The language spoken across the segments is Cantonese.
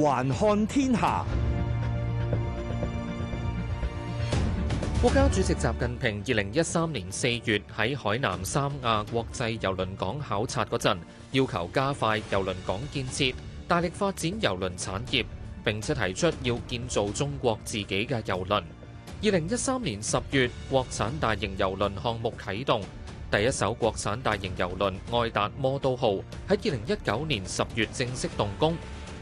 環看天下。國家主席習近平二零一三年四月喺海南三亞國際郵輪港考察嗰陣，要求加快郵輪港建設，大力發展郵輪產業，並且提出要建造中國自己嘅郵輪。二零一三年十月，國產大型郵輪項目啟動，第一艘國產大型郵輪“愛達·魔都號”喺二零一九年十月正式動工。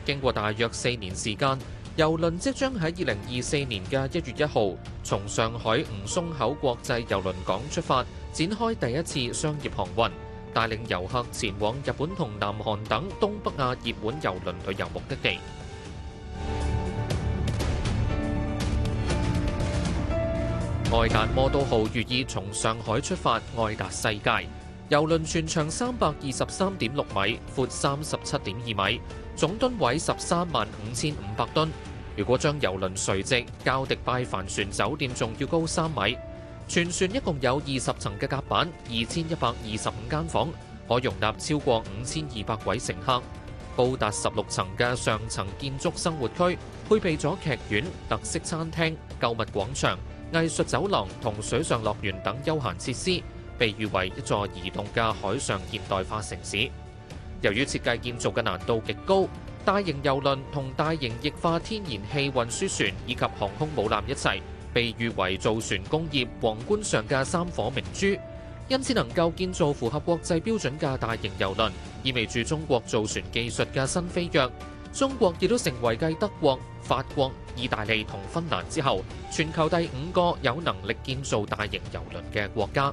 經過大約四年時間，郵輪即將喺二零二四年嘅一月一號從上海吳淞口國際郵輪港出發，展開第一次商業航運，帶領遊客前往日本同南韓等東北亞熱門郵輪旅遊目的地。嗯、愛達魔都號寓意從上海出發，愛達世界郵輪全長三百二十三點六米，闊三十七點二米。總噸位十三萬五千五百噸。如果將郵輪垂直較迪拜帆船酒店仲要高三米，全船一共有二十層嘅甲板，二千一百二十五間房，可容納超過五千二百位乘客。高達十六層嘅上層建築生活區，配備咗劇院、特色餐廳、購物廣場、藝術走廊同水上樂園等休閒設施，被譽為一座移動嘅海上現代化城市。由於設計建造嘅難度極高，大型郵輪同大型液化天然氣運輸船以及航空母艦一齊，被譽為造船工業皇冠上嘅三顆明珠。因此能夠建造符合國際標準嘅大型郵輪，意味著中國造船技術嘅新飛躍。中國亦都成為繼德國、法國、意大利同芬蘭之後，全球第五個有能力建造大型郵輪嘅國家。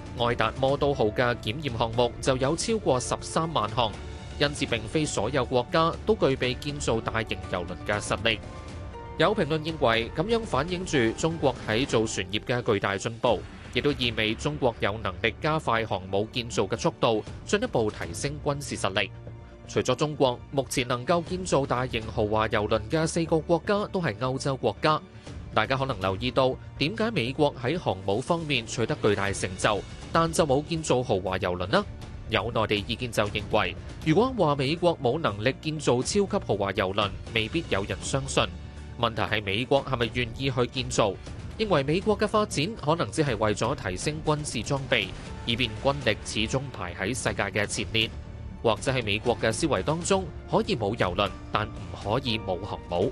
愛達摩都號嘅檢驗項目就有超過十三萬項，因此並非所有國家都具備建造大型郵輪嘅實力。有評論認為，咁樣反映住中國喺造船業嘅巨大進步，亦都意味中國有能力加快航母建造嘅速度，進一步提升軍事實力。除咗中國，目前能夠建造大型豪華郵輪嘅四個國家都係歐洲國家。大家可能留意到，點解美國喺航母方面取得巨大成就？但就冇建造豪華郵輪啦，有內地意見就認為，如果話美國冇能力建造超級豪華郵輪，未必有人相信。問題係美國係咪願意去建造？認為美國嘅發展可能只係為咗提升軍事裝備，以便軍力始終排喺世界嘅前列，或者係美國嘅思維當中可以冇郵輪，但唔可以冇航母。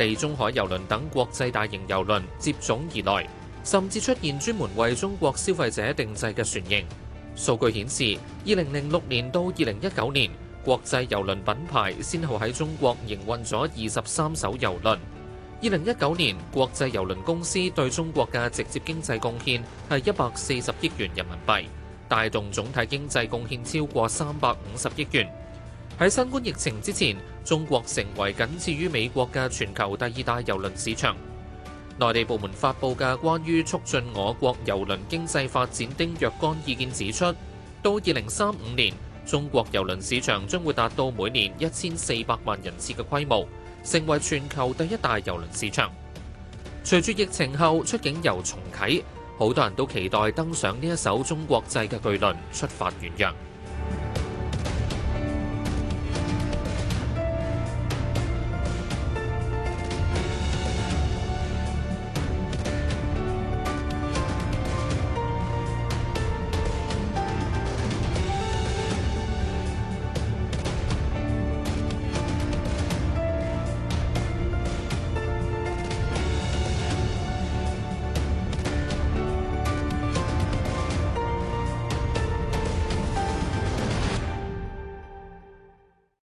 地中海郵輪等國際大型郵輪接踵而來，甚至出現專門為中國消費者定制嘅船型。數據顯示，二零零六年到二零一九年，國際郵輪品牌先後喺中國營運咗二十三艘郵輪。二零一九年，國際郵輪公司對中國嘅直接經濟貢獻係一百四十億元人民幣，帶動總體經濟貢獻超過三百五十億元。喺新冠疫情之前，中國成為僅次於美國嘅全球第二大郵輪市場。內地部門發佈嘅關於促進我國郵輪經濟發展的若干意見指出，到二零三五年，中國郵輪市場將會達到每年一千四百萬人次嘅規模，成為全球第一大郵輪市場。隨住疫情後出境遊重啟，好多人都期待登上呢一艘中國製嘅巨輪出發遠遊。